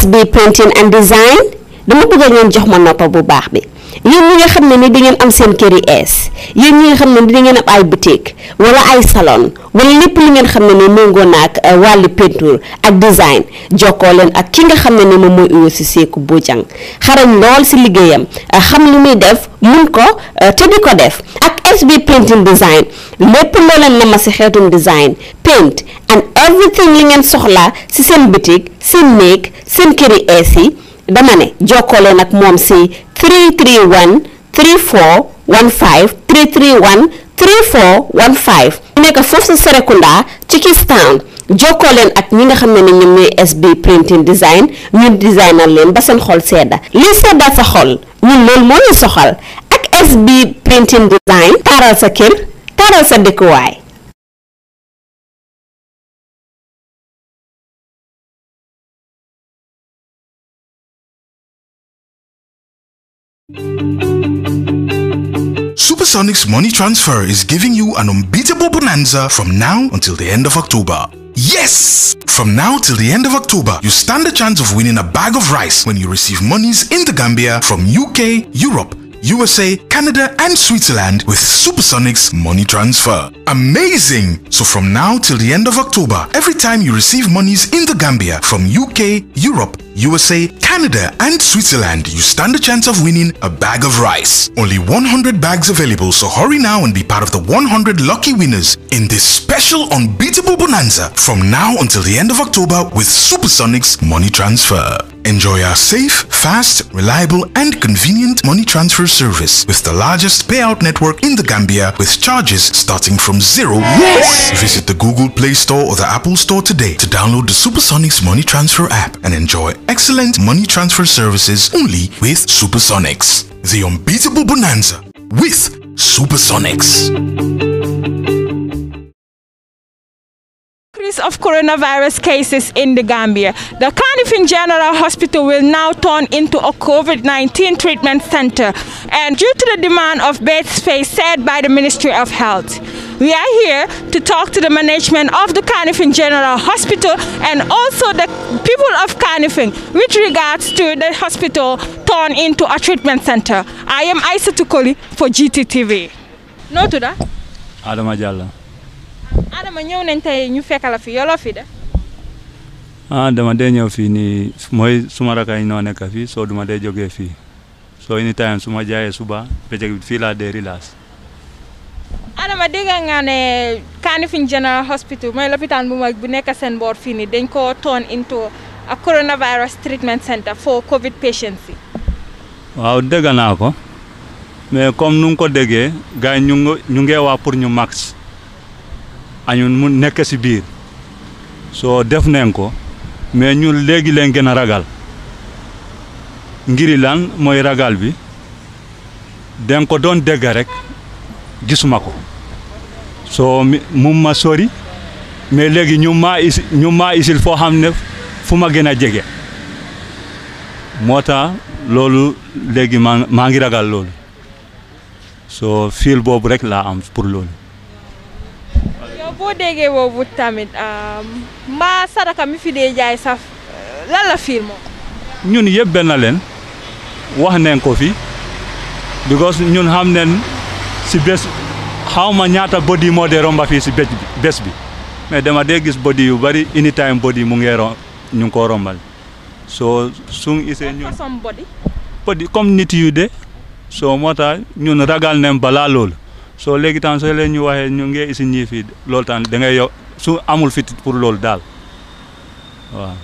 SB Printing and Design dama bëgg ngeen jox ma noppa bu baax bi yéen ñi nga xam ne ni da ngeen am seen kër yi ees yéen ñi nga xam ne ni da ngeen am ay boutique wala ay salon wala lépp li ngeen xam ne ni méngoo na ak euh, wàllu peinture ak design jokkoo leen ak ki nga xam ne ni moom mooy Owoc bu Bojang xarañ lool si liggéeyam euh, xam li muy def mun ko euh, te di ko def. SB Painting Design lépp loo leen ma si xeetum design paint and everything li ngeen soxlaa si seen boutique seen néeg seen këri ees yi dama ne jokkoo leen ak moom si 331 34 15 331 34 15 mu nekk foofu si ci Kistown jokkoo leen ak ñi nga xam ne ni ñoom ñooy SB Printing Design ñun designal leen ba seen xol sedda lii seddaat sa xol ñun loolu moo ñu soxal SB Printing Design Supersonic's money transfer is giving you an unbeatable bonanza from now until the end of October. Yes! From now till the end of October, you stand a chance of winning a bag of rice when you receive monies in the Gambia from UK, Europe, USA, Canada and Switzerland with Supersonics money transfer. Amazing! So from now till the end of October, every time you receive monies in the Gambia from UK, Europe, USA, Canada and Switzerland, you stand a chance of winning a bag of rice. Only 100 bags available, so hurry now and be part of the 100 lucky winners in this special unbeatable bonanza from now until the end of October with Supersonics money transfer. Enjoy our safe, fast, reliable and convenient money transfer service with the largest payout network in the Gambia with charges starting from zero. Yes! Visit the Google Play Store or the Apple Store today to download the Supersonics Money Transfer app and enjoy excellent money transfer services only with Supersonics. The unbeatable bonanza with Supersonics. rise of coronavirus cases in the Gambia. The Carnifing General Hospital will now turn into a COVID-19 treatment center and due to the demand of bed space said by the Ministry of Health. We are here to talk to the management of the Carnifing General Hospital and also the people of Carnifing with regards to the hospital turned into a treatment center. I am Isa Tukoli for GTTV. No to that. Adam Ajala. Adama ñew nañ tay ñu fekkala fi yolo fi de ah dama de ñew fi ni moy suma rakay no nek fi, so duma de joge fi so ini tayam suma jaayee suba bëccëg fi la de rilas adama ga nga ne Kanifing General Hospital moy l'hôpital bu mag bu nek sen bor fi ni dañ ko turn into a coronavirus treatment center for covid patients yi waaw dégg naa ko mais comme nu ko dege gaay ñu ngi ñu ngee pour ñu max añun mu nekk si biir soo def nañ ko mais ñun léegi leen gën a ragal ngiri lan mooy ragal bi den ko doon dégg rek gisuma ko soo mu ma sori mais léegi ñu maa is ñu maa isil foo xam ne fu ma gën a jege moo tax loolu léegi maa maa ngi ragal loolu soo fiil boobu rek laa am pour loolu boo déggee boobu tamit mbaa sadaka mi fi dee jaay saf lan fiir moom ñun yëpp benn leen wax neen ko fi because ñun xam neen si bés xawma ñaata body moo dee romba fii si bés bi bés bi mais dama dee gis body yu bari anytime body mu ngee ñu ngi koo rombal soo suñ ise ñun body comme nit yu de soo moo tax ñun ragal neen balaa lool soo léegi tam soo leen ñu waxee ñu ngi si ñii fii loolu tam da ngay yow su amul fit pour loolu daal waaw.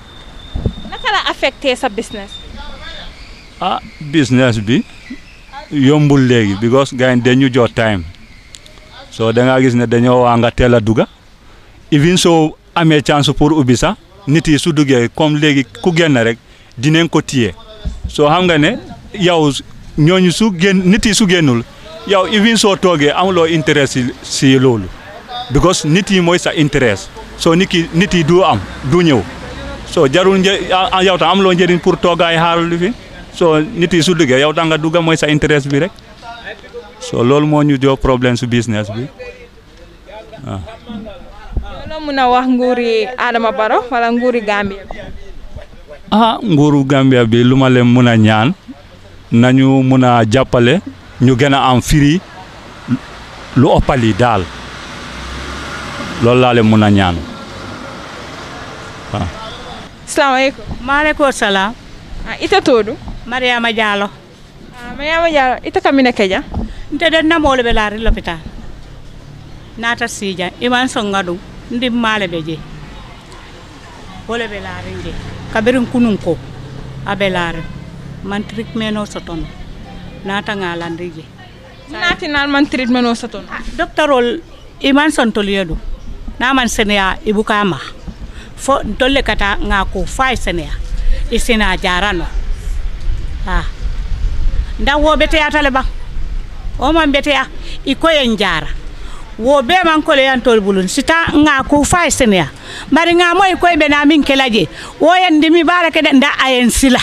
naka sa business. ah bi yombul léegi because gars yi dañu jot time soo da gis ne dañoo waa nga teel a dugga even soo amee chance pour ubbi sax nit yi su duggee comme léegi ku génn rek dinañ ko tiye soo xam nga ne yow ñooñu su génn nit yi su génnul. yow even soo toogee amuloo interest si si loolu because niti yi mooy sa interest so nit ki nit yi du am du ñëw so jarul një yow tam amuloo njëriñ pour toogaay xaaral li fi so nit yi su duggee yow tam nga dugga mooy sa interest bi rek so loolu moo ñu jox problème su business bi waaw. Ah. loolu mun a wax nguuri Adama Baro wala nguuri Gambia. ah nguuru Gambia bi lu ma leen mun a ñaan nañu mun a ñu gëna am firi lu opali dal lool la le mëna ñaan assalamu alaykum maaleykum salaam ah, ita todu mariama diallo ah, mariama diallo ita kamine keja nte den lebe la ri l'hôpital sija iman songadu ɗum ndim maale ɓe je wole la ri je kabirin kunun ko mantrik man sotono naataŋalandiije natinalman treatment o soton ah, doctorol iman sontoliyo ɗum naman seneya i buka ma fo dolle kata ngako fa e seneya i sina jarano a nda wo beteyatale ba o man beteya i koyen jara wo be man kole yantol bulun sita ngako fa e seneya bari ngamo i koye ɓe na min kela je wo yen ndimi ɓara kede nda ayen sila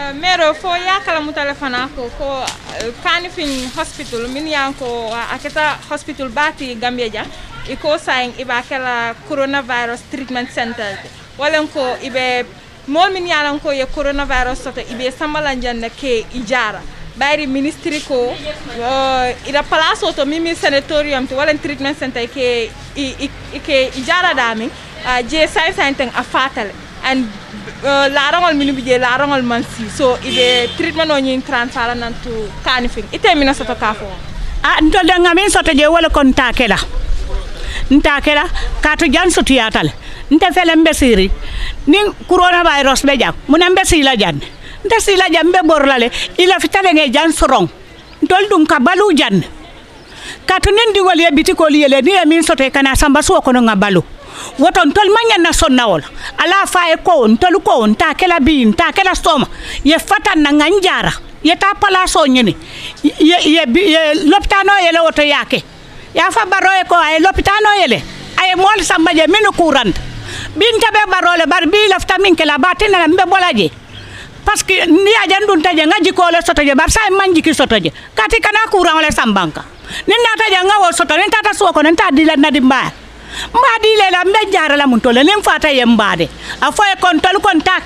Euh, mero fo yakalamuta fana ko ko euh, kanifin hospital min yanko aketa hospital bati gambia ja iko sayin iba kala coronavirus treatment center walen ko ibe mol min yalan ko ye coronavirus soto ibe sambalan janna ke ijara bayri ministry ko uh, ida place oto mimi sanatorium to walen treatment center i, ke ijara dami uh, je sayin sayin ten a fatale and Eh, larang minnu bi je laaraŋol man si so ide be treatment o ñiŋ transfara nantu kaani ite e mina soto kaa fo a ah, nto danga min soto je wala kon ntaa ke la ntaa ke la kaatu jan sutuyaata le nte fele mbesiri ni corona virus be jak mun mbesiri la jan ne si la jan be bor la le i lafita le ŋe jaŋ soroŋ ntolu ka balu jan ne kaatu wal ye le ni e sote kana samba ko no ngabalu woto ntolu maŋ ñaŋ na sonnawol ala fa ye kowo ntolu kowo nta kela bii nta kela sooma ye fatan na ŋa njara ye ta palaso ñini ye ye ye lopitano yele woto yaake ya fa baro ye ko aye lopitano yele aye moolu samba je minu kuranta binta be baro le bari bii lafita miŋ kela baa tinana mbe bola je parce que ni ye a je ŋa jikoo le soto je bari sa ye maŋ jiki soto je kati kana kuraŋo le wo soto niŋ tata suwo kono mbaadiilela mbe jaarala la muntole ni mfata fata ye mbaade a fo ye kontolu kon taa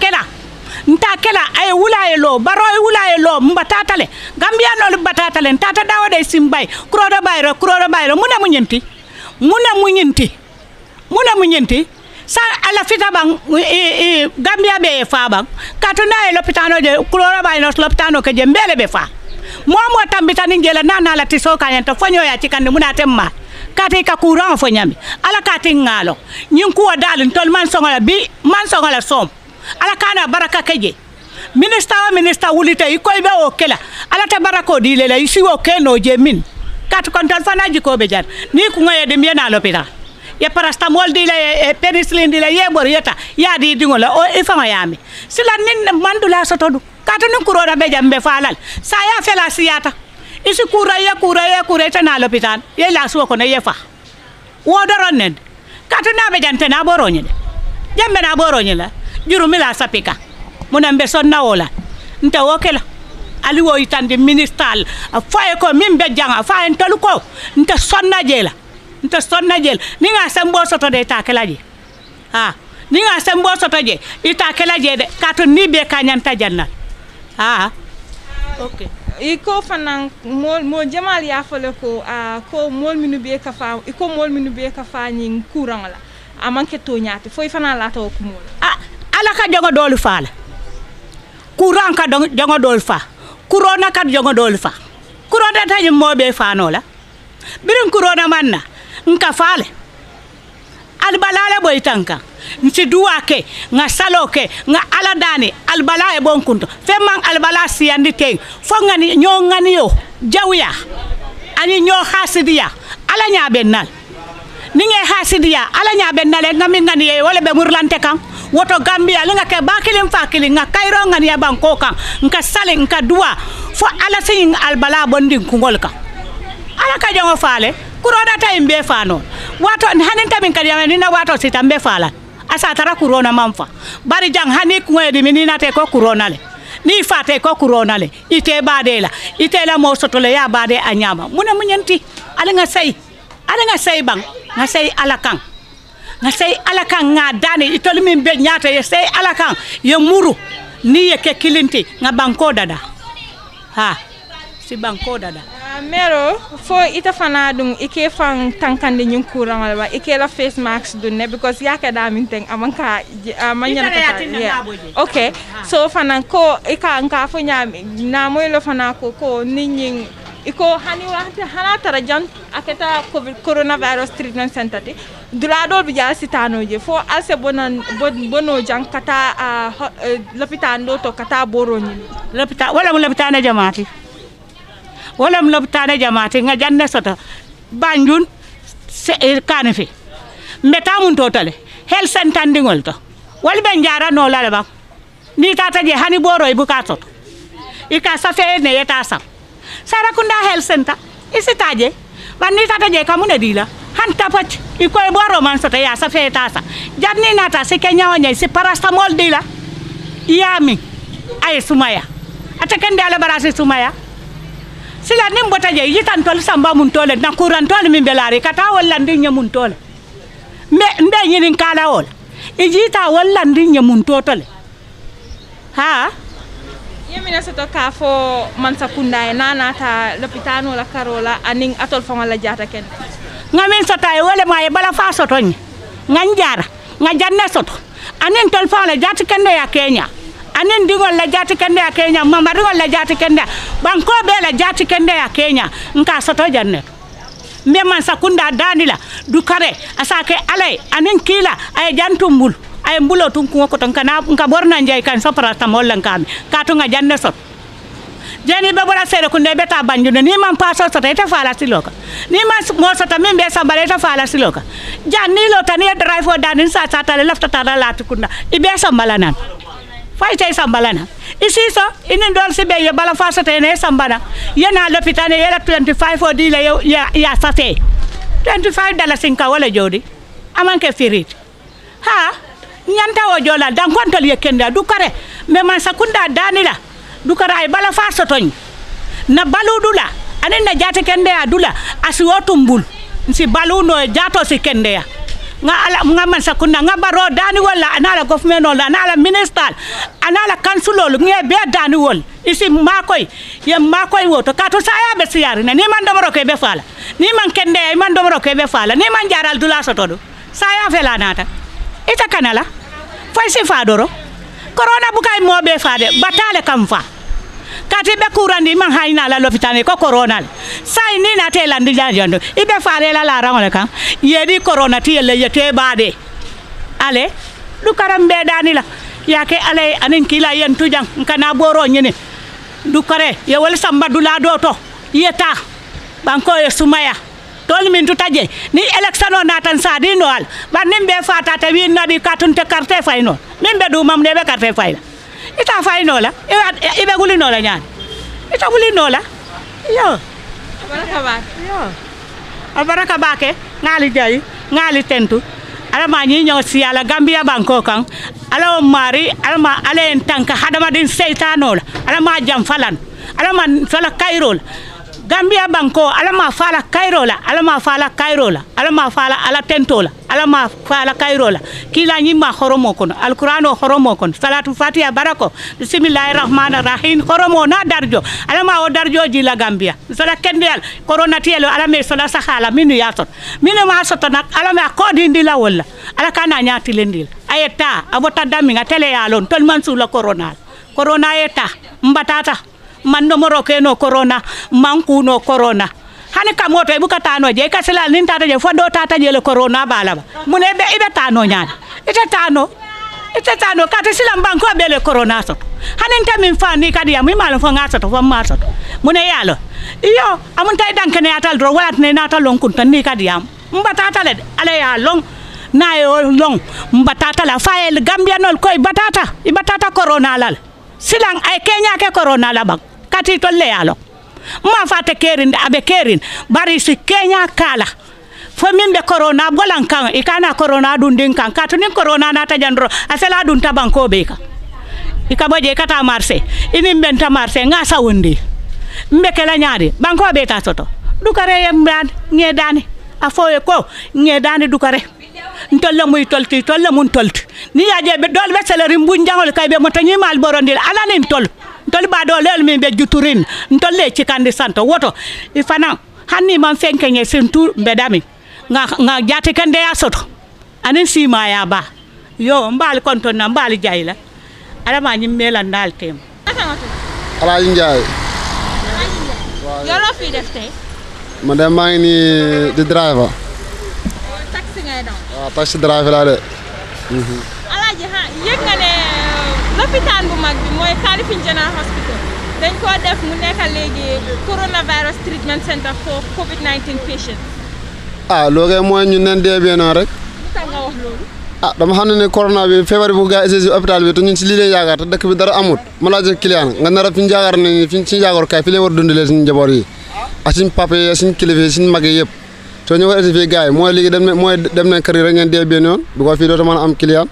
nta kela ay wula ye lo baro ay wula ye lo mbatata le gambiyanoolu batata le ntata dawode simbay kuroda bayro kuroda bayro muna munyenti muna munyenti muna munyenti sa ala fita ban e, e, gambia be fa bang kaatu na ye lopitano je kuroda bayro lopitano ke je mbele be fa moo moo tambita ni nana la tiso kañanta ya cikandi muna temmaa kate ka courant fo ñami ala kate ngalo ñin kuwa dalin tol man songola bi man songola som ala kana baraka keje minista wa minista wulite i koy be o kela ala ta barako di lela i siwo ke no je min kat kontan fana jiko be jan ni ku ngaye de miena lopita ye parastamol di la e penicillin di la ye bor yeta ya di dingo o e fama yami sila nin mandula sotodu kata nin kurora be jam be falal sa ya fela siyata isi kura ya kura ya kura ta nalo pitan ye la ko ne ye fa ne nen na be jante na boro nyine jambe na boro nyila mi la sapika munambe na wola nta wokela ali wo itande ministal faye ko min be janga en tolu ko nta sonna jela nta sonna jela ni nga bo soto de ta kala je ha ni nga bo soto je ita kala je de kato ni be nyanta janna ha okay iko fanan mol mo jamal ya fole ko a ko mol minu be ka fa iko mol minu be ka fa nyin kurang la amanke to nyaati foy fana la taw ah, ko mol a ala ka jongo dolu fa la kurang ka jongo dolu fa kurona ka jongo dolu fa kurona ta nyim mo be fa no la birin kurona manna nka fale albalale boy tankan nsi duwa ke nga salo ke nga ala dani albala e fe femman albala siyandi te fo ngani ñoo yo jawya ani ñoo hasidiya ala nya nal ni nge hasidiya ala ñaɓen nal e ngami e wala ɓe murlante kan woto gambia li nga ke bakilin fakilin nga kairo ŋaniya banko kan nka sali nka duwa fo ala siñin albala bondin kugol kan ala ka joŋo faale kuroɗata in be fano wato hanin tamin kadi yamen nina wato sita n asatara corona kurona manfa bari jang hani kuŋoye dimi ni te ko kurona le ni fate ko kurona le ite bade la ite la mo soto le ya bade a ñama mune mu ñanti ala nga sey ala nga sayi bang nga sey ala kaŋ nga sayi ala kaŋ ŋa dani itolu min be ñaata ye sey ala kaŋ ye muru ni ye ke kilinti nga ko dada ha si banko dada ah, mero fo ita fana dum ike fan tankande nyin kuran wala ike la face mask dun ne because ya ka da min ten ka amanya ka yeah. okay so fana ko ika ka fo nya na moy lo fana ko ko ninyin iko hani wahti hana tara jan aketa covid coronavirus treatment center ti dula do bi sitano je fo ase bonan bono jan kata a ah, uh, eh, lopitan do to kata boro nyin lopitan wala mo jamaati wolam lobtane jamate gaƴanne soto banjun kane fe mbetamum totole hel sentandigol to wol ɓe jaranolale ɓam ni tata je hani ɓoro e buka soto ika safe ne yeta sam sarakunda hel senta taa je ɓan ni tata je kamune dila han tapac i koye ɓoro man soto ya safe yeta sa jarni nata si keñawoñayi si parastamol dila yamin aye sumaya ata kende ala ɓara si sumaya sila nin bota je yitan tol samba mun na kuran tole min belari kata wallandi nya mun tole me nde nyin kala wol e jita mun ha Ya minasoto ka fo enana e nana ta lopitano la karola anin atol fonga la jata ken ngamin sota e wole ma e bala fa soto nyi ngan jara nga janne soto anin tol fonga la jata ken ya kenya anin digol la jati kende ya kenya mamarigol la jati kende banko be la jati kende ya kenya nka soto janne mbe man sakunda dani la dukare asake alay anin kila ay jantum bul ay mbulo tun ko ko kana nka borna njay kan so paratamol lan kam ka to nga janne so jeni be bora sere kunde ta ni man paso sota ite fala siloka ni man mo ta min be bare ta fala siloka jan lo tani e drive for danin sa sa tale lafta tara latu kunna ibe malanan fayta sambala isiso inin dol sibe ye ya bala fasata ene sambana yena ya lopitane yela 25 odi la ya ya, ya sate 25 dala sinka wala jodi ke firit ha nyanta o jola dan kontol ye kenda du kare me man sakunda danila du kare ay bala fasato na baludula anen na jate kende adula asi otumbul si baluno jato si kende ya nga ala nga man sakunda nga baro dani wala anala government wala anala minister anala council wala nge be dani wol isi makoy ye makoy woto kato saya be siyari na ni man domoro ke be fala ni man kende ay man domoro ke be fala ni man jaral dula sotodo saya fela nata ita kanala fay si fadoro corona bukay mo be fade batale kam fa kati be kurandi man hayna la lopitane ko corona sai ni na tela ndi janjondo ibe fare la la rangole kan yedi corona ti yelle yete bade ale du karam be dani la yake ale anin kila yen tujan kana boro nyene du kare ye wal samba du la do yeta banko e sumaya tol min tuta je ni election o natan sadi no al ban nimbe fata ta wi nadi katunte carte fayno nimbe du mam nebe carte fayna itafai nola ibekuli nola nyani itabuli nola yo abaraka bake yo abaraka bake ngali jayi ngali tentu ala ma ñi ñoo si ala gambia banko kan ala o mari ala ma ala en tanka hadama din seytanola ala ma jam falan ala ma fala kayrol gambiya banko ala ma fala kairo la ala ma fala kairo la ala ma fala ala tento la ala ma fala kairo la kila nyima horomo kono alqur'ano horomo kono salatu fatiha barako bismillahir rahmanir rahim horomo na darjo ala ma o darjo ji la gambiya sala kende al corona tielo ala me sala sahala minu yaton minu ma soto nak ala ma ko dindi la wala ala kana nyati lendil ayeta abota dami ngatele yalon tol mansu la corona corona man nomoro ke no corona manku no corona hani kamoto e buka tano je e ka sila nin tata je fo do tata je le corona bala ba mune be ibe tano nyaani ite tano ite tano kata sila mbanko e be le corona so hani nta min fa ni kadi yamu malu fo ngasa to fo maso to mune yalo iyo amun tay danke ne atal do wala ne natal lon kun tan ni kadi yam mbata tale ala ya long na yo long mbatata la fayel gambia nol koy batata i batata corona lal silang ay kenya ke corona la bang wakkati to leyalo ma abe kerind, aɓe kerin bari si kenya kala fo min corona golan kan ikana kana corona ɗum ɗin kan ka corona nata jandoro a sela ɗum be ka i ka kata marché inin ɓenta marché ga sawundi la nyaade banko be ta soto dukare yemɗani ngedani a ko ngedani dukare ntolle muy tolti tolle mun tolti ni yaje be ɗol ɓe séléri mbun kay be mo mal borondil alanin tol ntolu ɓaɗo lel min ɓe juturin ntolle cikandi santo woto fana hanni man fenkeñe surtout mbeɗami ga jati ke ndeya soto anin simaya ba yo mbaali konton na mbaali jayla adama ñim melan dal tem alaaji njaay yoro fi def tey ma dem maa ngi nii di driver taxi ngay daw waaw taxi driver laa de mhm. lopitaan bu mag bi mooy Kalifing General Hospital dañ koo def mu nekk léegi coronavirus treatment center for COVID 19 patients. ah loogee mooy ñu nen dee bee noonu rek. lu tax nga wax loolu. Ah, dama xam ne ne bi feebar bi bu gaa si hôpital bi te ñun si lii leen yaakaar dëkk bi dara amut ma laaj client nga nar a fi ñu yaakaar ne fi ñu si yaakaar kaay fi leen war a dundalee suñu njaboot yi ah. ak suñu papa yi ak suñu kilifa mag yi yëpp soo ñu war a fii gars yi mooy léegi dem dem ne kër yi rek ngeen dee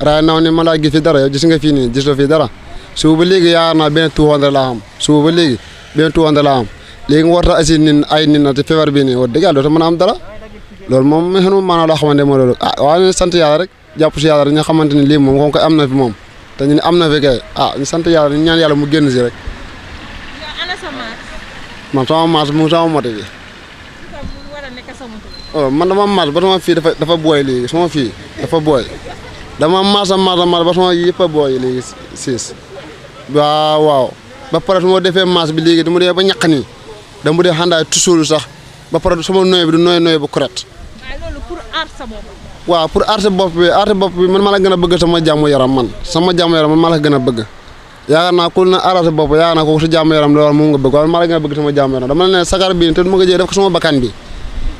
raay naw ni ma laa gis dara yow gis nga fii nii gis fii dara suba ba léegi yaakaar naa benn two hundred laa am suba ba léegi benn two hundred laa am léegi nga war a asi nin ay nin na te feebar bii nii wax mën a am dara loolu moom xenu maanaam loo xamante moo loolu ah sant yàlla rek jàpp si yàlla rek nga xamante ni lii moom kon koy am na fi moom te ñu ne am na fi kay ah ñu sant yàlla ñu ñaan yàlla mu génn si rek man sama maas mu sama moto bi oh man dama ba sama fii dafa dafa booy léegi sama fii dafa booy dama maasa maasa maasa ba sama yepp boy legi sis ba waaw ba pare su ma mas bi legi dama dé ba ñak ni dama dé handa tusóolu sax ba pare sama noy bi du noy noy bu correct. wa loolu pour aar sa bopp. pour aar sa bi aar bop bi man mala gëna bëgg sama jàmm yaram man sama jàmm yaram man mala gëna bëgg yaakaar na kul na aar sa bopp yaakaar ko sa jàmm yaram loolu mo nga bëgg waaye mala gëna bëgg sama jàmm yaram dama ne sagar bi te du ma ko def ko sama bakan bi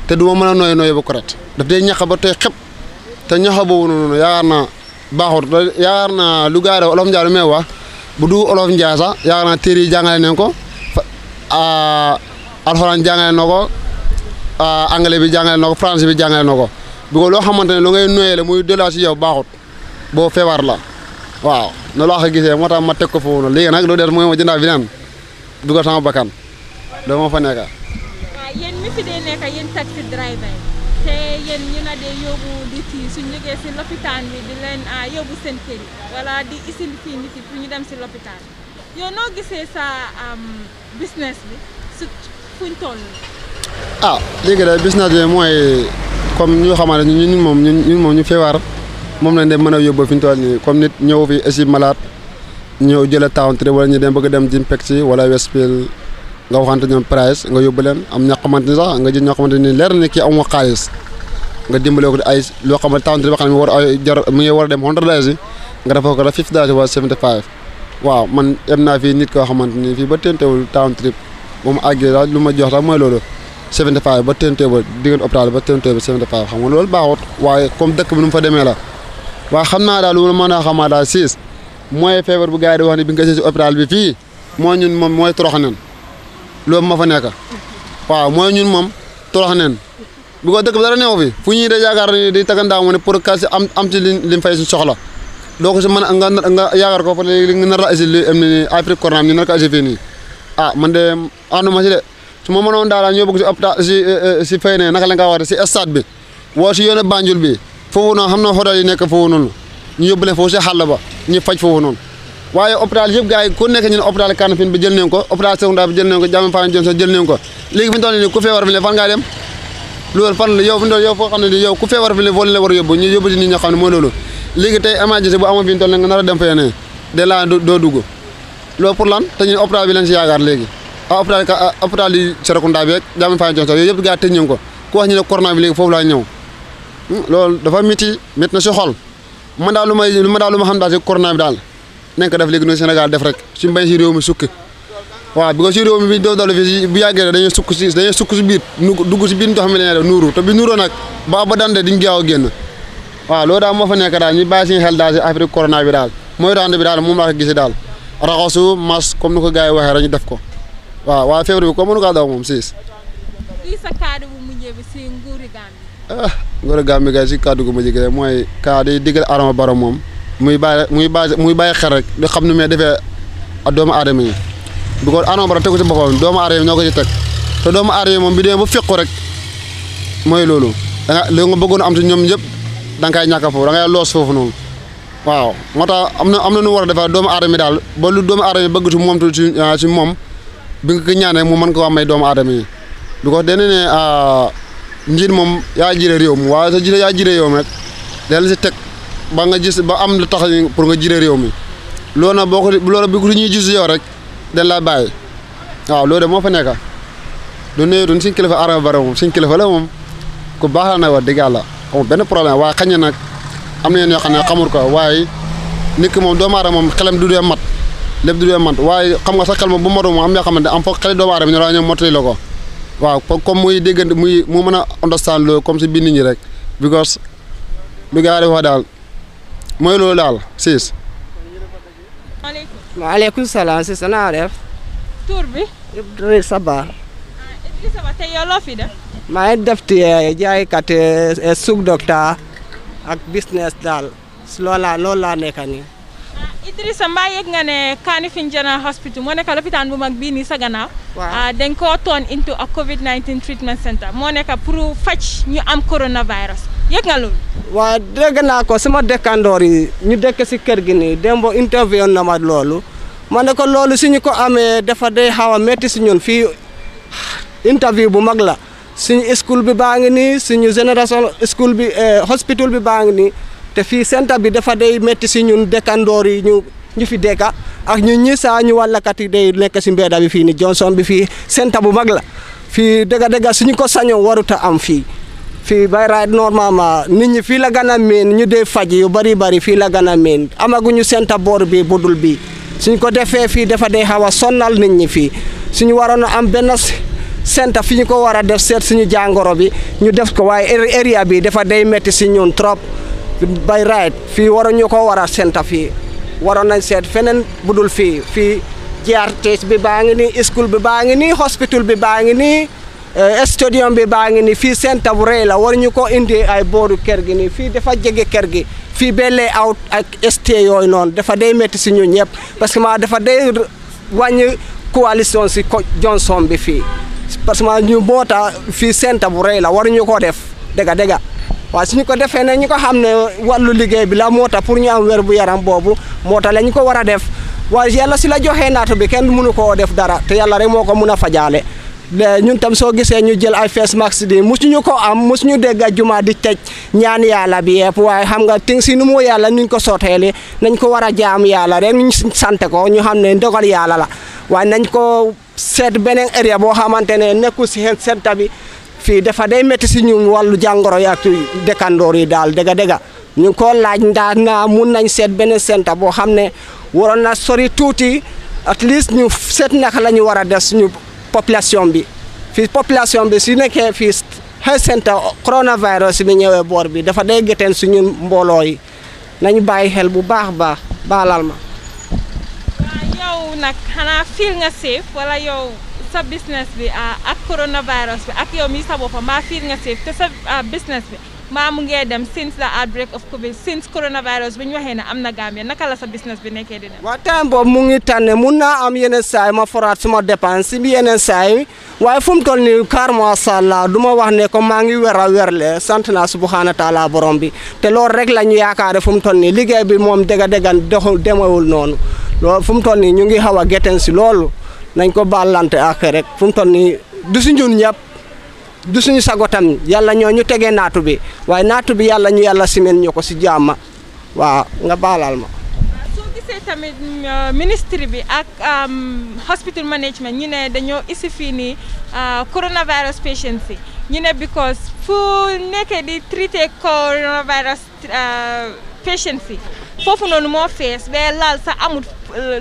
te du ma mën noy noy bu correct daf dé ñaq ba tay xep te ñaxa boobu noonu yaakaar naa baaxut yaakaar naa lu gaare olof njaay lu bu du olof njaay sax yaakaar naa téere yi jàngale nañ ko alxuraan jàngale na ko anglais bi jàngale na ko bi jàngale na ko bi ko loo xamante ne lu ngay noyee la si yow baaxut boo feebar la waaw ne laa ko gisee moo tax ma teg ko foofu noonu léegi nag loolu des mooy ma jëndaa bi neen dugal sama bakkan loolu moo fa nekka te yéen ñu na dee yóbbu nit yi suñ jógee si lopitaan bi di leen ah, yóbbu seen kër yi di isil fii nit yi pour dem si lopitaan yow noo gisee sa business bi su fuñ toll. ah léegi daal business bi mooy comme ñu xamante ne ñu moom ñun moom ñu feebar moom lañ dem mën a yóbbu fi ñu toll nii comme nit ñëw fi aussi malade ñëw jëla town trip wala ñu dem bëgg dem Jimpek ci wala Westfield nga waxante ñoom price nga yóbbu leen am ñoo xamante ni sax nga jël ñoo ni leer na kii amu xaalis nga dimbale ko ay loo xam ne taxante ba xam ne war jar mu ngi war a dem hundred days yi nga defoo ko daf fifty days waaw man yem naa fii nit koo xamante ni fii ba tentewul town trip ba mu àggee daal lu ma jox sax mooy loolu 75 ba tentee ba diggante hôpital ba tentee ba 75 xam nga loolu baaxut waaye comme dëkk bi nu mu fa demee la waaye xam naa daal lu mën a xamaa daal siis bu gars bi nga see si bi fii moo moom mooy torox nañ loolu ma fa nekk waaw moo ñun moom torox neen bi ko dëkk bi dara neew fi fu ñuy de yaakaar ni di tagandaa mo ne pour ka si am am ci li liñ fay si soxla doo ko si mën nga nga yaakaar ko fa léegi nga nar la asi li am ni Afrique cornaam ñu nar ko asi fii nii ah man de ànduma si de su ma mënoon daal ñoo bëgg si hôpital a eh, eh, si fay ne naka la nga waxte si stade bi woo si yoone Banjul bi foofu noonu xam na hôtel yi nekk foofu noonu ñu yóbbu leen foofu si xàll ba ñu faj foofu noonu waaye hôpital yëpp gars yi ku nekk ñu ne hôpital Kanifing bi jël nañ ko hôpital jël nañ ko Diamé Fane Johnson jël nañ ko léegi fi ne fan ngaa xam ne ni yow ku feebar fi ne foo leen la a yóbbu ñu yóbbu si nit ñi xam ne mooy loolu léegi tey émergence bu amoon a dem feneen de laa doo loolu pour lan te ñu si yaakaar léegi ah hôpital ka ah, hôpital yi hmm, na si xol man daal lu may man daal lu ma xam daa si corona bi daal nañ ko def léegi noonu Sénégal def rek suñu bañ si réew mi sukk waaw bi ko si réew bi doon doon fi bu yàggee dañuy sukk si dañuy sukk si biir mi dañuy def nuuru bi nuuroo nag ba ba dande diñ gaaw a génn waaw loolu daal moo fa nekk daal ñu bàyyi suñu xel daal si corona bi daal mooy rende bi daal moom laa ko daal raxasu mas comme ni ko gars yi waxee rek ñu def ko waaw waaye feebar bi ko mënu kaa daw moom siis ah nguuru Gambie gay si kàddu gu mujj gi mooy kaa di digal Adama Barrow moom muy bàyyi muy bàyyi muy bàyyi xel rek di xam nu muy defee a doomu aadama yi bu ko Anam Bara tegu si boppam doomu aadama yi ñoo ko ci teg te moom bi dee ba fekku rek mooy loolu da nga nga bëggoon am ti ñoom yëpp da nga koy ñàkk foofu da ngay waaw moo tax am na am na nu war a doomu aadama yi daal ba lu doomu aadama yi moom ci ah, ci mën koo may doomu aadama yi bi ko dene ne ah, moom yaa jiite réew mi waaye sa jiite yaa jiite yow rek dinañ si teg. ba nga gis ba am lu tax pour nga jiite réew mi loolu nag boo ko loolu bi lu ñuy gis yow rek dañ laa bàyyi waaw loolu de moo fa nekk du nuyu du suñ kilifa Adama Barrow moom suñ kilifa la moom ko baax la na wax dëgg yàlla amul benn problème waaye xañ na nag am na yéen yoo xam ne xamul ko waaye nit ki moom doomu aadama moom xelam du dee mat lépp du dee mat waaye xam nga sa xel moom bu matul moom am yoo xam ne am foog xel doomu aadama ñu daal ñoom motali la ko waaw comme muy déggante muy mu mën a understand loolu comme si bind ñi rek because bi gars yi mooy loolu daal siis. maaleykum. salaam siis naa def. tur bi. Idriss Saba. Saba fi def. maa ngi def ci eh, jaaykat eh, eh, suuk docteur ak business daal loolu laa loolu laa Idrissa mbaa yëg nga ne Kanifing General Hospital moo nekk lopitaan bu mag bii nii sa gannaaw. waaw ah, dañ koo into a COVID 19 treatment center moo nekk pour faj ñu am coronavirus yëg nga loolu. waaw dégg naa ko sama dëkkandoor yi ñu dëkk si kër gi nii Dembo interview na ma loolu ma ne ko loolu suñu ko amee dafa day xaw a métti si ñun fii interview bu mag la suñu school bi baa ngi su suñu génération school bi eh, hospital bi baa ngi ni te fii senta bi dafa day metti ci ñun dekandor yi ñu ñu fi deka ak ñun ñi saa ñu wàllakat yi day nek ci mbeda bi fii ni Johnson bi fii senta bu mag la fii dega suñu ko sañu waruta am fi fii bay ride normalement nit ñi fi la gana a ñu dee faj yu bari bari fi la gana a miin amaguñu senta bor bi budul bi suñ ko defee fii dafa day hawa sonnal nit ñi fii suñu warono am ben senta fi ñu ko wara def set suñu jangoro bi ñu def ko way area bi dafa day metti ci ñun trop by right fii waruñu ko war a senta fii waroon nañ seet feneen budul fii fii GRTS bi baa ngi nii school bi baa ngi nii hospital bi baa ngi nii eh, stadium bi baa ngi ni fii senta bu rëy la waruñu ko indi ay booru ker gi nii fii dafa jege kër gi fii ba lay ak STE yooyu noonu dafa day métti si ñun ñëpp parce que ma dafa day wàññi coalition si ko bi fii parce que ñu boota fii senta bu rëy la waruñu ko def. dëgga dëgga waaw ñu ko defee ne ñu ko xam ne wàllu liggéey bi la moo tax pour ñu am wér bu yaram boobu moo tax la ko war a def waaye yàlla si la joxee naatu bi kenn mënu koo def dara te yàlla rek moo ko mun a fajaale ñun tam soo gisee ñu jël ay face mask di musuñu ko am musuñu dégg a jumaa di tëj ñaan yàlla bi yëpp waaye xam nga ting si nu mu yàlla nuñ ko sooteeli nañ ko war a jaam yàlla rek ñu sant ko ñu xam ne dogal yàlla la waa nañ ko seet beneen area boo xamante ne nekkul si seen senta bi fii dafa day métti ñu ñun wàllu jàngoro yaak dëkkandoor yi daal dëgg dëgg ñu ko laaj ndax naa mun nañ seet benn centre boo xam ne waroon na sori tuuti at least ñu seet naka la ñu war a des suñu population bi fii population bi su nekkee fii health centre coronavirus bi ñëwee boor bi dafa day geteen suñu mbooloo yi nañu bàyyi xel bu baax baax baalal ma. waaw nag xanaa feel nga safe wala yow. sa business bi ah, ak coronavirus bi ak yow mii sa boppa mbaa fiir nga safe te sa ah, business bi mbaa mu ngee dem since the outbreak of covid since coronavirus bi ñu waxee ne am na Gambia naka la sa business bi nekkee di dem waaw temps boobu mu ngi tànne mun naa am yeneen saay ma foraat suma dépense si bi yeneen saay waaye fu mu toll nii kaar macha allah du ma wax ne ko maa ngi wer a werle sant naa subhaana taala borom bi te loolu rek la ñu yaakaare fu mu toll nii liggéey bi moom dëgg-dëggan doxul demewul noonu loolu fu mu toll nii ñu ngi xaw a gétten si loolu nañ ko baalante ak rek fu mu toll nii du si ñun ñëpp du sago tam yàlla ñoo ñu tegee naatu bi waaye naatu bi yàlla ñu yàlla simen ñu ko si jàmm waaw nga baalal ma. soo gisee tamit euh, ministre bi ak hospital management ñu ne dañoo isi fii nii euh, coronavirus patients yi ñu ne because fu nekkee di traité coronavirus euh, patients yi foofu noonu moo fees ba laal sax amut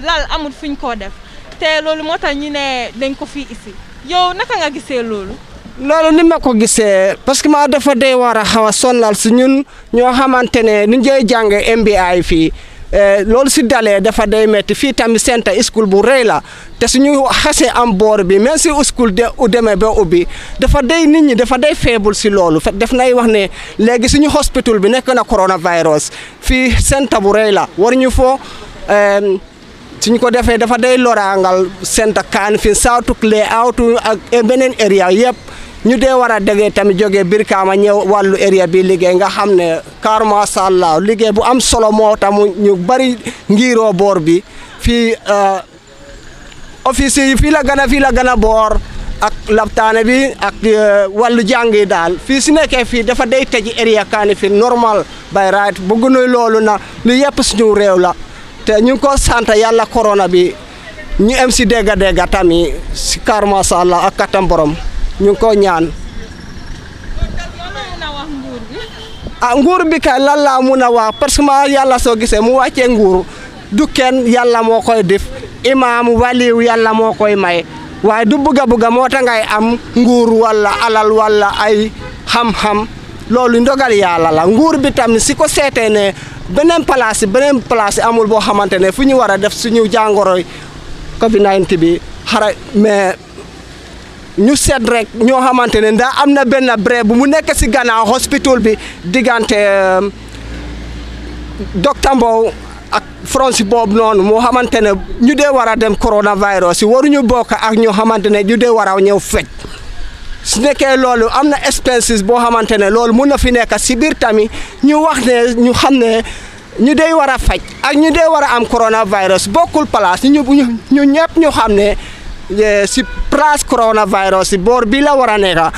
laal amut fuñ koo def. te loolu moo tax ñu ne dañ ko fii ici yow naka nga gisee loolu. loolu ni ma ko gisee parce que ma dafa dee war a xaw a sonnal si ñun ñoo xamante ne nu njëy jàng MBA fii eh, loolu si dalee dafa day métti fii tamit senta school bu rey la te suñu xasee am boor bi même si school de u demee ba ubbi dafa day nit ñi dafa day faible si loolu def nay wax ne léegi suñu hospital bi nekk na coronavirus fii senta bu rëy la war ñu foo suñ ko defee dafa day lorangal senta kan, fi sautuk lee auto ak e benen area yep ñu dé wara a tam joggé jógee bir walu area bi liggé nga xamné car ma sha allah liggé bu am solo mo tamu ñu bari ngiro bor bi euh office yi fi la gana fi la gana bor. ak laptaane bi ak e, wàllu walu yi dal fii si nekkee dafa day tejj area kan fi normal by right bu gënoy lolu na li yëpp suñu réew la te ñu ko yalla corona bi ñu am dega dega tammi tamit si ma sha allah ak katam borom ñu ko ñaan. a ah, nguur bi ka la la mun a wa parce que ma yalla so gisse mu wacce nguur du ken yalla mo koy def yalla mo koy may waye du buga buga mota ngay am nguur wala alal wala ay ham ham, lolou ndogal yalla la nguur bi tamit si ko beneen place beneen place amul boo xamante ne fu ñu war a def suñu jàngoroy Covid 19 bi xara mais ñu set rek ñoo xamante ne ndax am na benn brève bu mu nekk si gannaaw hospital bi diggante euh, docteur Mbow ak France boobu noonu moo xamante ne ñu dee war a dem coronavirus yi ñu bokk ak ñoo xamante ne ñu dee war a ñëw fecc su nekkee loolu am na expenses boo xamante ne loolu mun na fi nekk si biir tami ñu wax ne ñu xam ne ñu dey war a faj ak ñu dey war a am coronavirus bokkul place ñu ñu ñëpp ñu xam ne eh, si place coronavirus si boor bi la war a nekk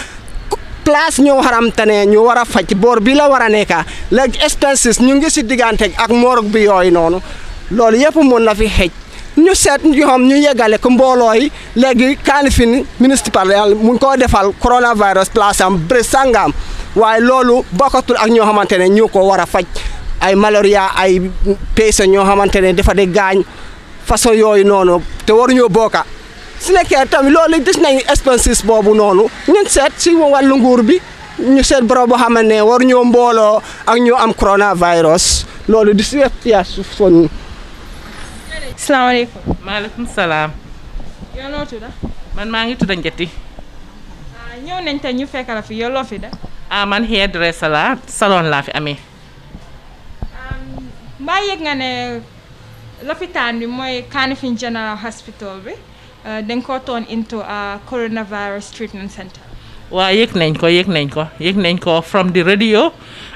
place ñu xaramte ne ñu war a faj boor bi la war a nekk léegi expenses ñu ngi si diggante ak morgue bi yooyu noonu loolu yëpp mun na fi xëj. ñu seet ñoom ñu yeggale ko mbooloo yi léegi kanifin municipal yàlla mu ko defal coronavirus place am bërë sàngaam waaye loolu bokkatul ak ñoo xamante ne ñu ko war a faj ay malaria ay paysan ñoo xamante ne dafa de gaañ façon yooyu noonu te waruñoo bokka su nekkee tamit loolu gis nañu expenses boobu noonu ñun seet si wàllu nguur bi ñu seet borom boo xam ne waruñoo mbooloo ak ñu am coronavirus loolu di si wet yaa suuf salaamaaleykum. maaleykum salaam. yow noo man maa ngi tudd Njëtti. ah ñëw nañ te ñu fekk la fi yow loo fi de. ah man hairdresser la salon laa fi amee. mbaa yëg nga ne lopitaan bi mooy Kanifing General Hospital bi euh, dañ koo turn into a coronavirus treatment center. waaw yëg nañ ko yëg nañ ko yëg nañ ko from the radio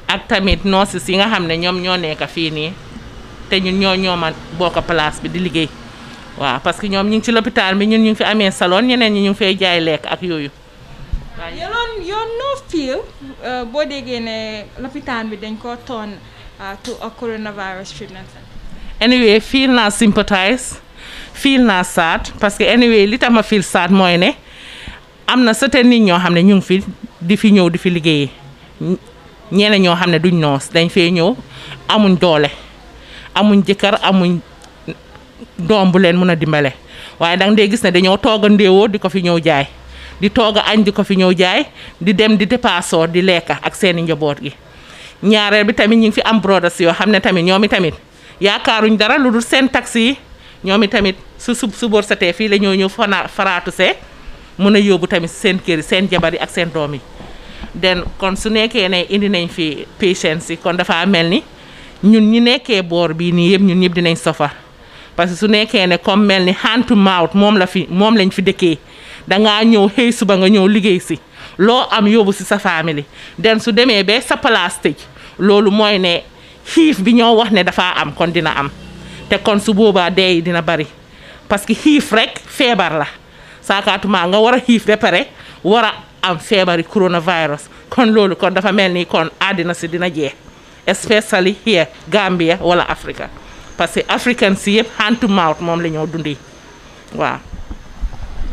ak tamit nurses yi nga xam ne ñoom ñoo nekk fii nii. te ñun ñoo ñooma bokk place bi di liggéey waaw parce que ñoom ñu ngi ci lopitaan bi ñun ñu ngi fi amee salon ñeneen ñi ñu ngi jaay lekk ak yooyu. waaw yoon noo feel euh, boo déggee ne lopitaan bi dañ ko toon euh, to a coronavirus anyway feel naa sympathize feel naa sad parce que anyway li tax ma feel mooy ne am na certain nit ñoo xam ne ñu ngi fi di fi ñëw di fi liggéeyee ñeneen ñoo xam ne duñ noos dañ fee ñëw amuñ doole amuñ jëkkër amuñ doom bu leen mun a dimbale waaye danga dee gis ne dañoo toog a ndéewoo di ko fi ñëw jaay di toog a añ di ko fi ñëw jaay di dem di dépassoo di lekka ak seeni njaboot gi ñaareel bi tamit ñu ngi fi am brodas yoo xam ne tamit ñoom i tamit yaakaaruñ dara lu dul seen taxi yi ñoom i tamit su su su borsatee fii lañoo ñëw fana faraatu see mun a yóbbu tamit seen kër seen jabar yi ak seen doom yi den kon su nekkee ne indi nañ fi patience yi kon dafa mel ni ñun ñi nekkee boor bii nii yëpp ñun ñëpp dinañ sofa parce que su nekkee ne comme mel ni hand to moom la fi moom lañ fi dëkkee dangaa ñëw xëy suba nga ñëw liggéey si loo am yóbbu si sa famille den su demee ba sa place tëj loolu mooy ne xiif bi ñoo wax ne dafaa am kon dina am te kon su boobaa dee dina bari parce que xiif rek feebar la saakaatuma nga war a xiif ba pare war a am feebari coronavirus kon loolu kon dafa mel ni kon àddina si dina jeex. especially here Gambia wala Africa parce que African si yëpp hand to moom la ñoo dundee waaw.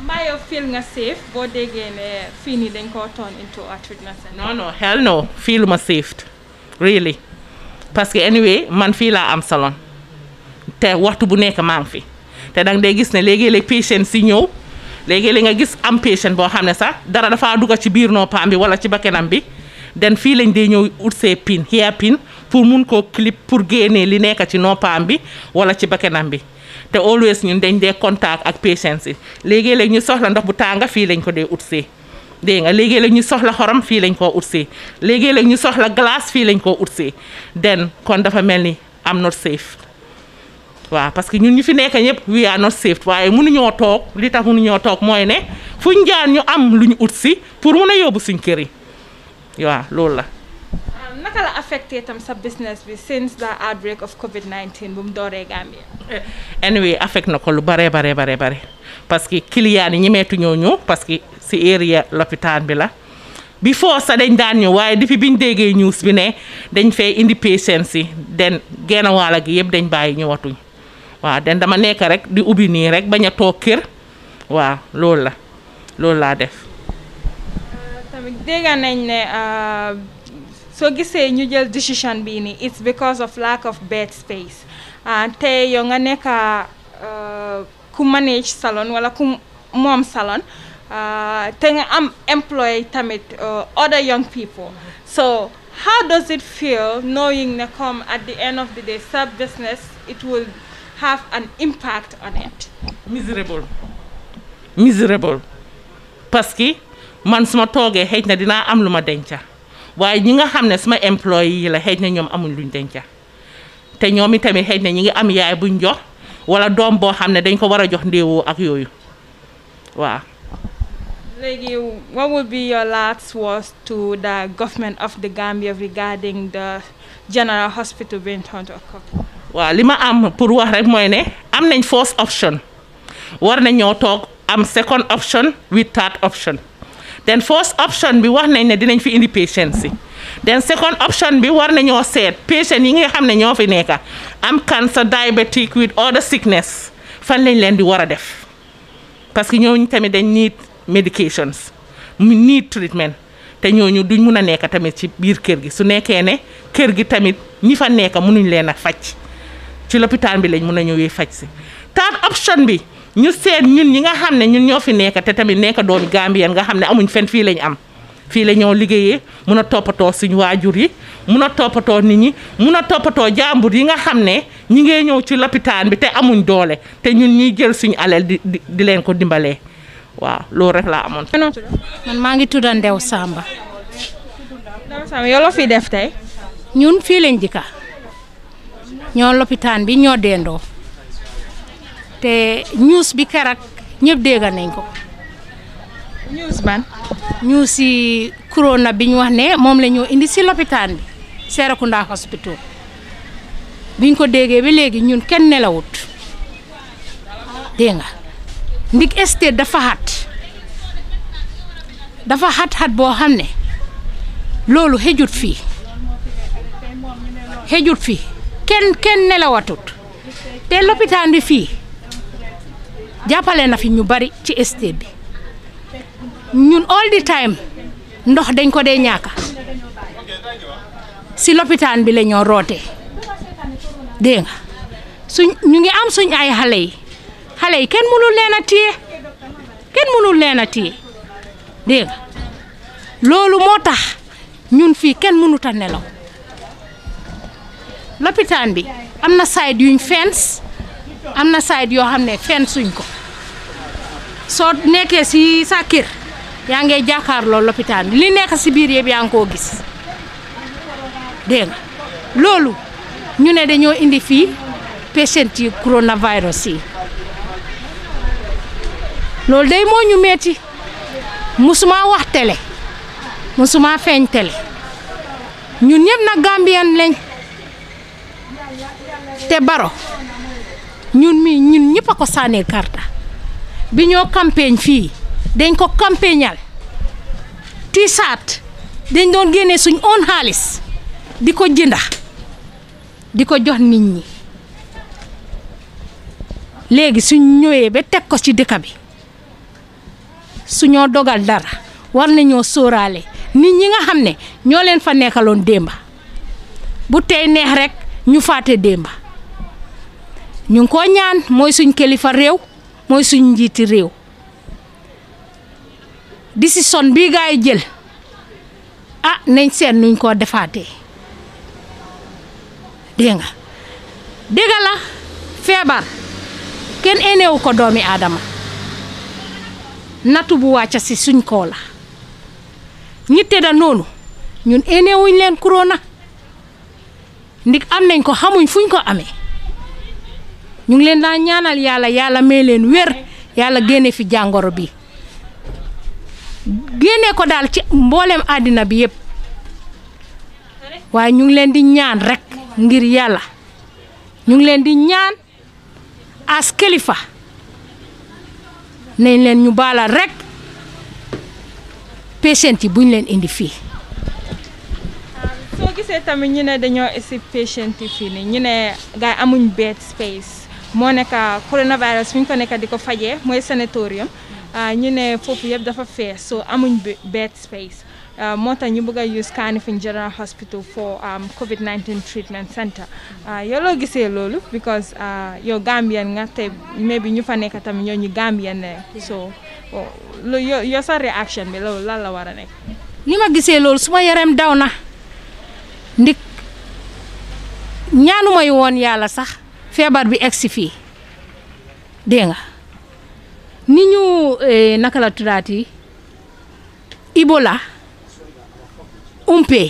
Mbaye feel nga safe boo déggee ne fii nii dañ koo turn into a treatment center. no feel ma safe really parce que anyway man fii laa am salon te waxtu bu nekk maa ngi fi te danga day gis ne léegi-léeg patient si ñëw. léegi li nga gis am patient boo xam ne sax dara dafa dugg ci biir noppam bi wala ci bakkanam bi den fii lañ dee ñëw ut see pin hair pour mun koo kilip pour génnee li nekk ci noppam bi wala ci bakkanam bi te always ñun dañ dee contact ak patients yi léegi-léeg ñu soxla ndox bu tànga fii lañ ko dee utsee dégg nga léegi-léeg ñu soxla xorom fii lañ koo utsee léegi-léeg ñu soxla glace fii lañ koo utsee den kon dafa mel ni am not safe waa parce que ñun ñu fi nekk ñëpp we are not safe waaye mënuñoo toog li tax mënuñoo toog mooy ne fuñ jaar ñu am lu ñu ut si pour mun a yóbbu suñ kër yi waaw loolu la naka la sa business bi since the outbreak of COVID 19 bu mu na ko lu bare bare bare bare parce que client yi ñemeetu ñoo ñëw parce que si area lopitaan bi la. before sax dañ daan ñëw waaye depuis bi ñu déggee news bi ne dañ fee indi patients yi den genn wàll gi yëpp dañ bàyyi ñëwatuñ waa den dama nekk rek di ubbi nii rek bañ a toog kër waaw loolu la loolu laa def. Euh, tamit dégg nañ ne. Euh, soo gisee ñu jël decision bii nii it's because of lack of bed space ah, te yow nga nekk ah, ku manage saloon wala ku moom salon ah, te nga am employé tamit other young people so how does it feel knowing ne comme at the end of the day sa business it will have an impact on it. miserable parce que man su ma toogee xëy na dinaa am lu ma denca waaye ñi nga xam ne sama employé yi la xëy na ñoom amuñ luñ denca te ñoom itamit xëy na ñi ngi am yaay buñ jox wala doom boo xam ne dañ ko war a jox ndéewoo ak yooyu waaw. Lady, what would be your last words to the government of the Gambia waaw li ma am pour wax rek mooy ne am nañ first option war nañoo toog am second option with third option. then first option bi wax nañ ne dinañ fi indi patients yi then second option bi war nañoo seet patient yi nga xam ne ñoo fi am cancer diabetic with other sickness fan lañ leen di war a def parce que ñooñu tamit dañ need medications We need treatment te ñooñu duñ mun a nekk tamit ci biir kër gi su nekkee ne kër gi tamit ñi fa nekk munuñ leen a faj ci lopitaan bi lañ mun a ñëwee faj si third option bi. ñu seet ñun ñi nga xam ne ñun ñoo fi nekk te tamit nekk doomi Gambien nga xam ne amuñ fen fii lañ am fii la ñoo liggéeyee mun a toppatoo suñu waajur yi mun a toppatoo nit ñi mun a toppatoo jàmbur yi nga xam ne ñi ngee ñëw ci loppitaan bi te amuñ doole te ñun ñuy jël suñu alal di di leen ko dimbalee waaw loolu rek laa amoon. man maa ngi tudda Ndew Samba. Ndew Samba yow la fi def tey. ñun fii lañ jika ñoo lopitaan bi ñoo dendoo. te ñuus bi keroog ñëpp déggal nañ ko. news ban. news si corona bi ñu wax ne moom la ñoo indi si lopitaan bi Serekunda hospital biñ ko déggee ba léegi ñun kenn nelawut dégg nga ndig estate dafa xat dafa xat-xat boo xam ne loolu xëjut fii xëjut fi kenn kenn nelawatut te lopitaan bi fii jàppale na fi ñu bari ci este bi ñun all the time ndox dañ ko dee ñaaka si lopitaan bi la ñoo rootee dégg suñ ñu ngi am suñ ay xale yi xale yi kenn mënul leen a téye kenn mënul leen a téye loolu moo tax ñun fii kenn mënut nelaw lopitaan bi am na side yuñ fence am na sayit yoo xam ne fenn suñ ko soo nekkee si sa kër yaa ngay jàkkaarloo lopitaan bi li nekk si biir yëpp yaa ngi koo gis dégg loolu ñu ne dañoo indi fii patient yi coronavirus yi loolu day moo ñu metti musuma wax télé musuma feeñ télé ñun ñëpp nag Gambien lañ te baro ñun mi ñun ñëpp ko sànnil karta bi ñoo campagne fii dañ ko campagneal tiisaat dañ doon génnee suñ oon xaalis di ko jënda di ko jox nit ñi léegi suñ ñëwee ba teg ko ci dëkk bi suñoo dogal dara war nañoo sóoraale nit ñi nga xam ne ñoo leen fa nekkaloon démba bu tey neex rekk ñu faate démba ñu ngi koo ñaan mooy suñ kilifa réew mooy suñ njiiti réew décision bii gaa yi jël ah nañ seet nuñ koo defaatee dégg nga dégg la feebar kenn eneewu ko doomi aadama natu bu wàcca si suñ koo ñitte da noonu ñun eneewuñ leen corona ndik am nañ ko xamuñ fuñ ko amee ñu ngi leen la ñaanal yalla yalla may leen wër yalla génne fi jangoro bi génne ko dal ci mboolem adina bi yépp way ñu ngi leen di ñaan rek ngir yalla ñu ngi leen di ñaan as khalifa nañ leen ñu bala rek patient yi buñ leen indi fi So gisé tamit ñu ne dañoo isi patient yi ni ñu gaay amuñ bed space moo nekk ah, coronavirus fi ñu ko nekk di ko fajee mooy sanatorium ah, ñu ne foofu yëpp dafa fees so amuñ bed space ah, moo tax ñu bëgg a use Kanifing General Hospital for um, COVID 19 treatment center yow loo gisee loolu because yow Gambien nga te bi ñu fa nekk tamit ñoo ñu Gambien ne so oh, yow yow sa réaction bi loolu lan la war a nekk. ni ma gisee loolu suma yaram daw na ndik ñaanu woon yàlla sax. feebar bi egsi fi dégg nga ni ñu eh, naka la tuddaati Ibola umpee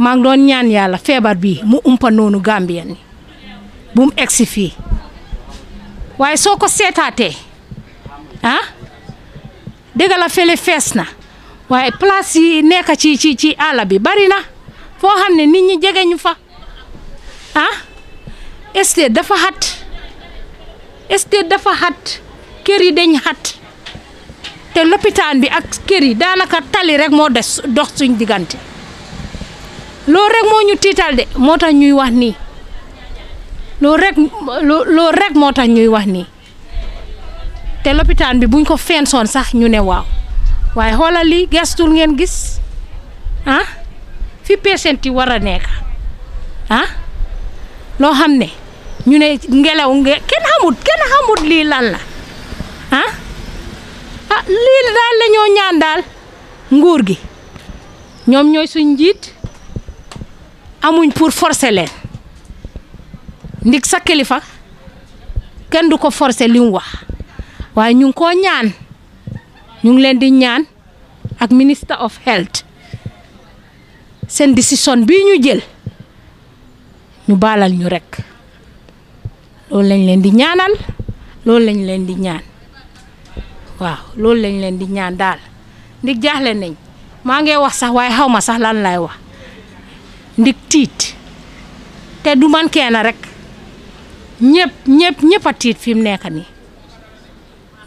maa ngi doon ñaan yàlla feebar bi mu umpa noonu Gambien ni bu mu egsi fii waaye soo ko seetaatee ah dëgg fele fees na waaye place yi nekk ci ci ci àll bi bari na foo xam ne nit ñi jegeñu fa ah estate dafa xat estate dafa xat kër yi dañ xat te lopitaan bi ak kër yi daanaka tali rek moo des dox suñ diggante loo rek moo ñu tiital de moo tax ñuy wax nii loolu rek loolu moo tax ñuy wax nii te lopitaan bi buñ ko fensoon sax ñu ne waaw waaye xoolal lii gestul ngeen gis ah fi patient yi war a nekk ah loo xam ne ñu ne ngelaw nge kenn xamut kenn xamut lii la ah ah daal la ñoo ñaan daal nguur gi ñoom ñooy suñ njiit amuñ pour forcer leen ndig sa kilifa kenn du ko forcer li mu wax waaye ñu ngi koo ñaan ñu ngi leen di ñaan ak minister of health seen décision bii ñu jël ñu baalal ñu rekk loolu lañ leen di ñaanal loolu lañ leen di ñaan waaw loolu lañ leen di ñaan daal ndig jaaxle nañ maa ngi wax sax waaye xawma ma sax lan lay wax ndig tiit te du man kenn rek ñëpp ñëpp ñëpp a tiit fi mu nekk nii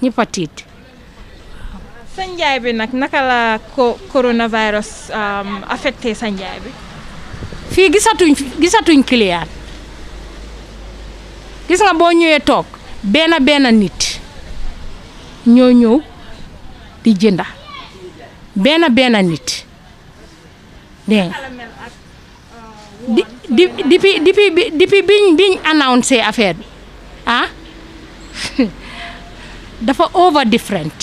ñëpp a tiit. sa njaay bi nag naka la ko coronavirus affecté sa njaay bi. fii gisatuñ gisatuñ client. gis nga boo ñëwee toog benn benn nit ñoo ñëw di jënda benn benn nit dégg nga di di depuis depuis depuis biñ biñ annoncé affaire bi ah dafa over different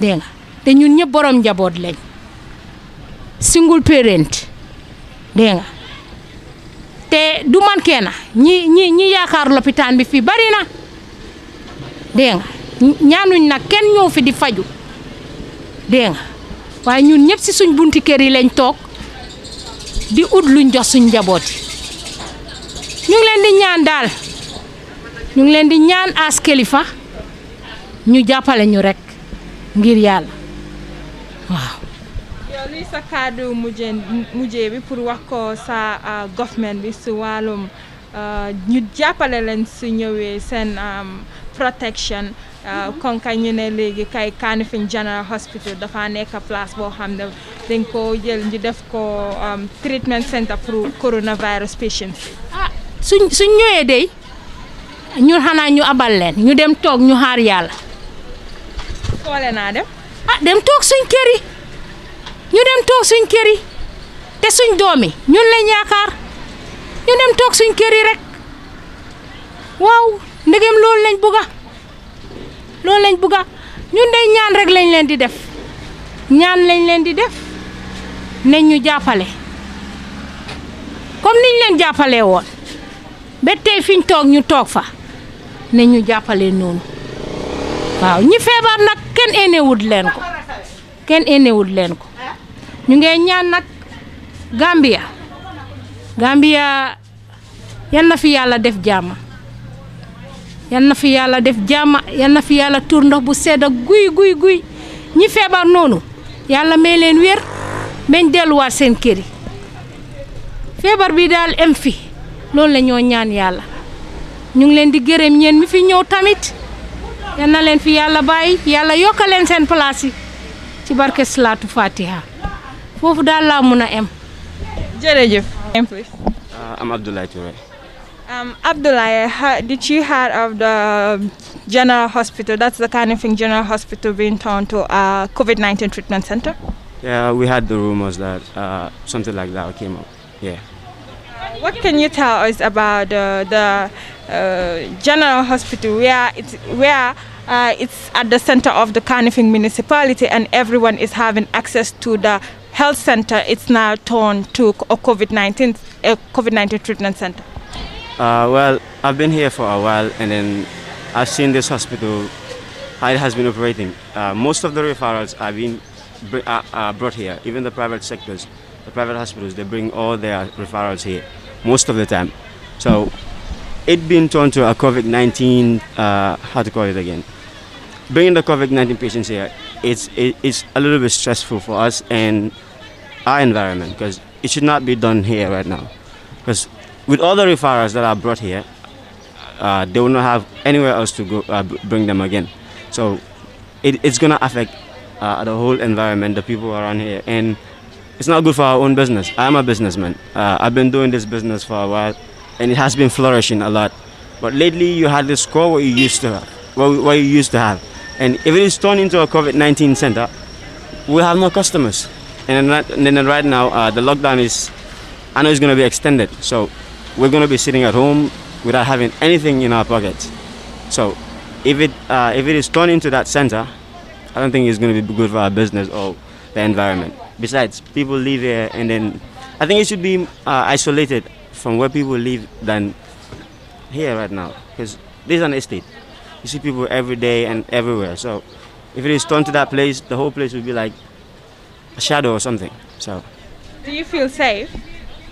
dégg nga te ñun ñëpp borom njaboot lañ single parent dégg nga te du manqué na ñi ñi ñi yaakaar lopitaan bi fii bari na dégg ñaanuñ nag kenn ñëw fi di faju dégg nga waaye ñun ñëpp si suñ bunti kër yi lañ toog di ut luñ jox suñ njaboot yi ñu leen di ñaan daal ñu leen di ñaan aas kilifa ñu jàppale ñu rekk ngir yàlla waaw sa kàddu mujjee mujjee bi pour wax ko sa ah, government bi si wàllum ah, ñu jàppale leen si ñëwee seen protection ah, mhm. kon kay ñu ne léegi kay Kanifing General Hospital dafa nekk place boo xam ne dañ ko jël ñu def ko treatment center pour coronavirus patients ah suñ suñ ñëwee dey ñu xanaa ñu abal leen ñu dem toog ñu xaar yàlla. foole naa dem. ah dem toog suñ kër ñu dem toog suñ kër yi te suñ doomi ñun lañ yaakaar ñu dem toog suñ kër rek waaw ndegem loolu lañ bugga loolu lañ bugga ñun day ñaan rek lañ leen di def ñaan lañ leen di def nañ ñu jàppale comme niñ leen jàppalee woon ba tey fiñ toog ñu toog fa nañ ñu jàppale noonu waaw ñi feebar nag kenn éenewut leen ko kenn éenewut leen ko ñu ngee ñaan nag Gambia Gambia yan na fi yàlla def jàmm yan na fi yàlla def jàmm yan na fi yàlla tur ndox bu sedd guy guy guy ñi feebar noonu yàlla may leen wér meñ delluwaat seen kër yi feebar bi daal em fi loolu la ñoo ñaan yàlla ñu ngi leen di gërëm ñeen mi fi ñëw tamit yan na leen fi yàlla bàyyi yàlla yokka seen place ci barke salaatu fatiha foofu daal laa mun a em. please. Ah, i I'm Abdullahi. Touré. Um, Abdullahi, did you hear of the General Hospital? That's the kind of thing General Hospital being turned to a uh, COVID-19 treatment center? Yeah, we had the rumors that uh, something like that came up. Yeah. what can you tell us about uh, the uh, General Hospital, where it's where uh, it's at the center of the Carnifing municipality, and everyone is having access to the health center, it's now turned to a COVID-19 a COVID-19 treatment center? Uh, well, I've been here for a while, and then I've seen this hospital how it has been operating. Uh, most of the referrals are being br uh, uh, brought here. Even the private sectors, the private hospitals, they bring all their referrals here most of the time. So it being turned to a COVID-19, uh, how to call it again, bringing the COVID-19 patients here, it's, it, it's a little bit stressful for us and our environment because it should not be done here right now. Because with all the referrals that are brought here, uh, they will not have anywhere else to go uh, bring them again. So it, it's going to affect uh, the whole environment, the people around here, and it's not good for our own business. I'm a businessman. Uh, I've been doing this business for a while, and it has been flourishing a lot. But lately, you had this score what you used to have, what, what you used to have, and if it is turned into a COVID-19 center, we have no customers and then, right now uh, the lockdown is I know it's going to be extended so we're going to be sitting at home without having anything in our pockets so if it uh, if it is turned into that center I don't think it's going to be good for our business or the environment besides people live here and then I think it should be uh, isolated from where people live than here right now because this is an estate you see people every day and everywhere so if it is turned to that place the whole place will be like a shadow or something. So. Do you feel safe?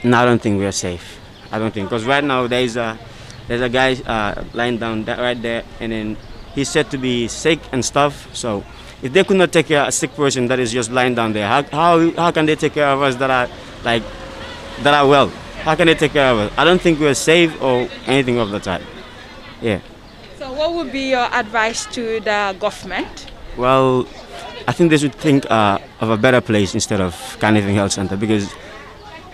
No, I don't think we are safe. I don't think because right now there is a there's a guy uh, lying down that, right there, and then he's said to be sick and stuff. So if they could not take care of a sick person that is just lying down there, how, how, how can they take care of us that are like that are well? How can they take care of us? I don't think we're safe or anything of the type. Yeah. So what would be your advice to the government? Well, I think they should think uh, of a better place instead of Carniving Health Center because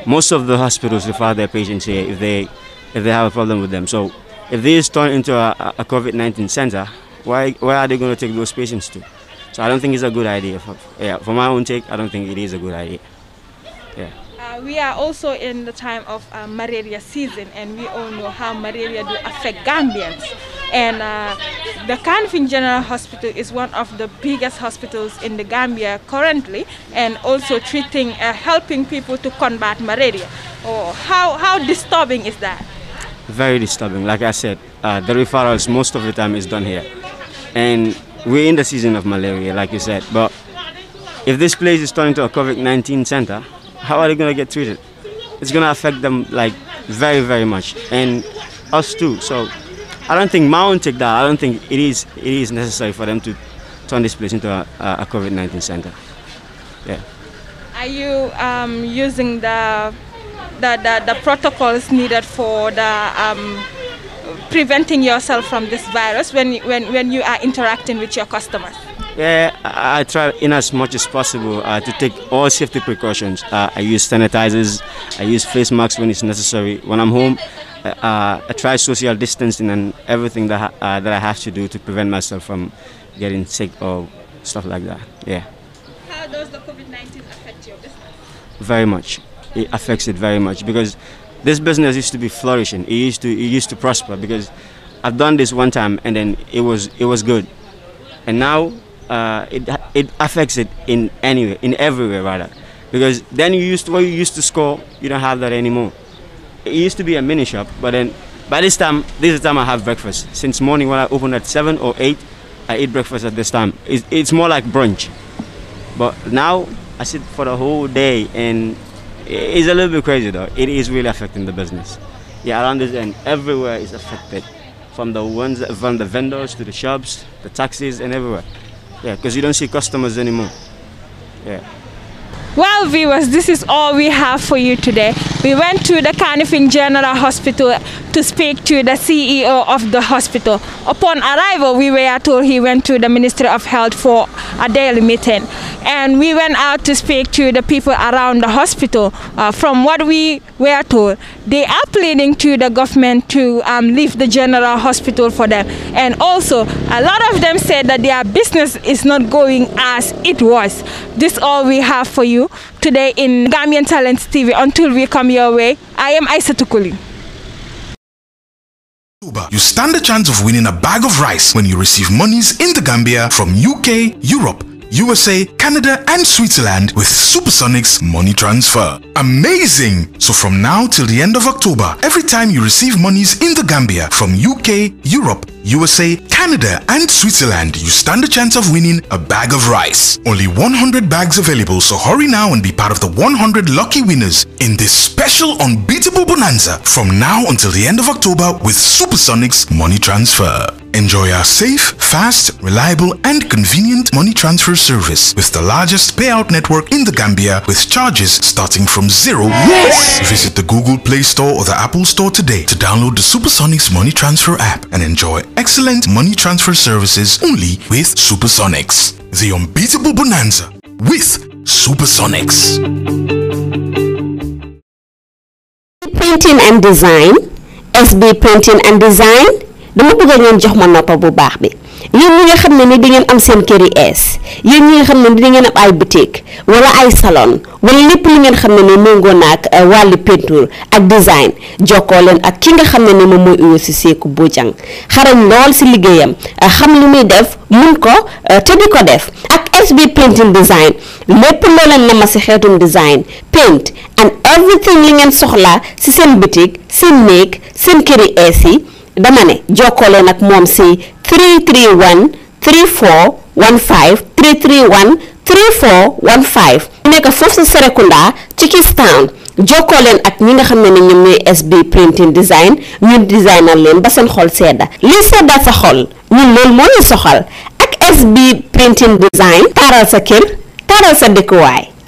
most of the hospitals refer their patients here if they if they have a problem with them. So if this turns into a, a COVID-19 center, why where are they going to take those patients to? So I don't think it's a good idea. For, yeah, for my own take, I don't think it is a good idea. Yeah. Uh, we are also in the time of uh, malaria season, and we all know how malaria do affect Gambians. And uh, the Kanfing General Hospital is one of the biggest hospitals in the Gambia currently, and also treating, uh, helping people to combat malaria. Oh, how, how disturbing is that? Very disturbing. Like I said, uh, the referrals most of the time is done here. And we're in the season of malaria, like you said, but if this place is turned into a COVID-19 center, how are they going to get treated? It's going to affect them like very, very much. And us too. So I don't think Mount take that. I don't think it is it is necessary for them to turn this place into a, a COVID-19 center. Yeah. Are you um, using the, the, the, the, protocols needed for the um, preventing yourself from this virus when, when, when you are interacting with your customers? Yeah, I, I try in as much as possible uh, to take all safety precautions. Uh, I use sanitizers, I use face masks when it's necessary. When I'm home, uh, uh, I try social distancing and everything that uh, that I have to do to prevent myself from getting sick or stuff like that. Yeah. How does the COVID-19 affect your business? Very much. It affects it very much because this business used to be flourishing. It used to it used to prosper because I've done this one time and then it was it was good, and now uh, it it affects it in anyway in everywhere rather because then you used to, what you used to score you don't have that anymore. It used to be a mini shop, but then by this time, this is the time I have breakfast. Since morning when I open at 7 or 8, I eat breakfast at this time. It's, it's more like brunch. But now, I sit for the whole day and it's a little bit crazy though. It is really affecting the business. Yeah, around this end, everywhere is affected. From the ones, from the vendors to the shops, the taxis and everywhere. Yeah, because you don't see customers anymore. Yeah. Well viewers, this is all we have for you today. We went to the Canifing General Hospital to speak to the CEO of the hospital. Upon arrival, we were told he went to the Ministry of Health for a daily meeting. And we went out to speak to the people around the hospital. Uh, from what we were told, they are pleading to the government to um, leave the general hospital for them. And also, a lot of them said that their business is not going as it was. This all we have for you today in Gambian Talents TV. Until we come your way, I am Isa Tukuli. You stand a chance of winning a bag of rice when you receive monies in the Gambia from UK, Europe, USA, Canada and Switzerland with Supersonics money transfer. Amazing! So from now till the end of October, every time you receive monies in the Gambia from UK, Europe, USA, Canada and Switzerland, you stand a chance of winning a bag of rice. Only 100 bags available, so hurry now and be part of the 100 lucky winners in this special unbeatable bonanza from now until the end of October with Supersonics money transfer. Enjoy our safe, fast, reliable and convenient money transfer service with the largest payout network in the Gambia with charges starting from zero. Yes! Visit the Google Play Store or the Apple Store today to download the Supersonics Money Transfer app and enjoy excellent money transfer services only with Supersonics. The unbeatable bonanza with Supersonics. Printing and Design, SB Printing and Design dama bëgg ngeen jox ma noppa bu baax bi yéen ñi nga xam ne ni dangeen am seen kër yi ees yéen ñi nga xam ne ni dangeen am ay boutique wala ay salon wala lépp li ngeen xam ne ni méngoo na ak euh, wàllu peinture ak design jokkoo leen ak ki nga xam ne ni moom mooy Ouyoussou Seku Bojang xarañ lool si liggéeyam euh, xam lu muy def mun ko euh, te di ko def ak SB Painting Design lépp loo leen ma si xeetum design paint and everything li ngeen soxlaa si seen boutique seen néeg seen kër yi dama ne jokkale nag moom si 331 34 15 331 34 15 ñu nekk foofu sa Serekunda ci Kistown jokkoo leen ak ñi nga xam ne ni ñoom ñooy SB printing design ñun designal leen ba seen xol sedda lii sedda sa xol ñun loolu moo ñu soxal ak SB printing design taaral sa kër taaral sa dëkkuwaay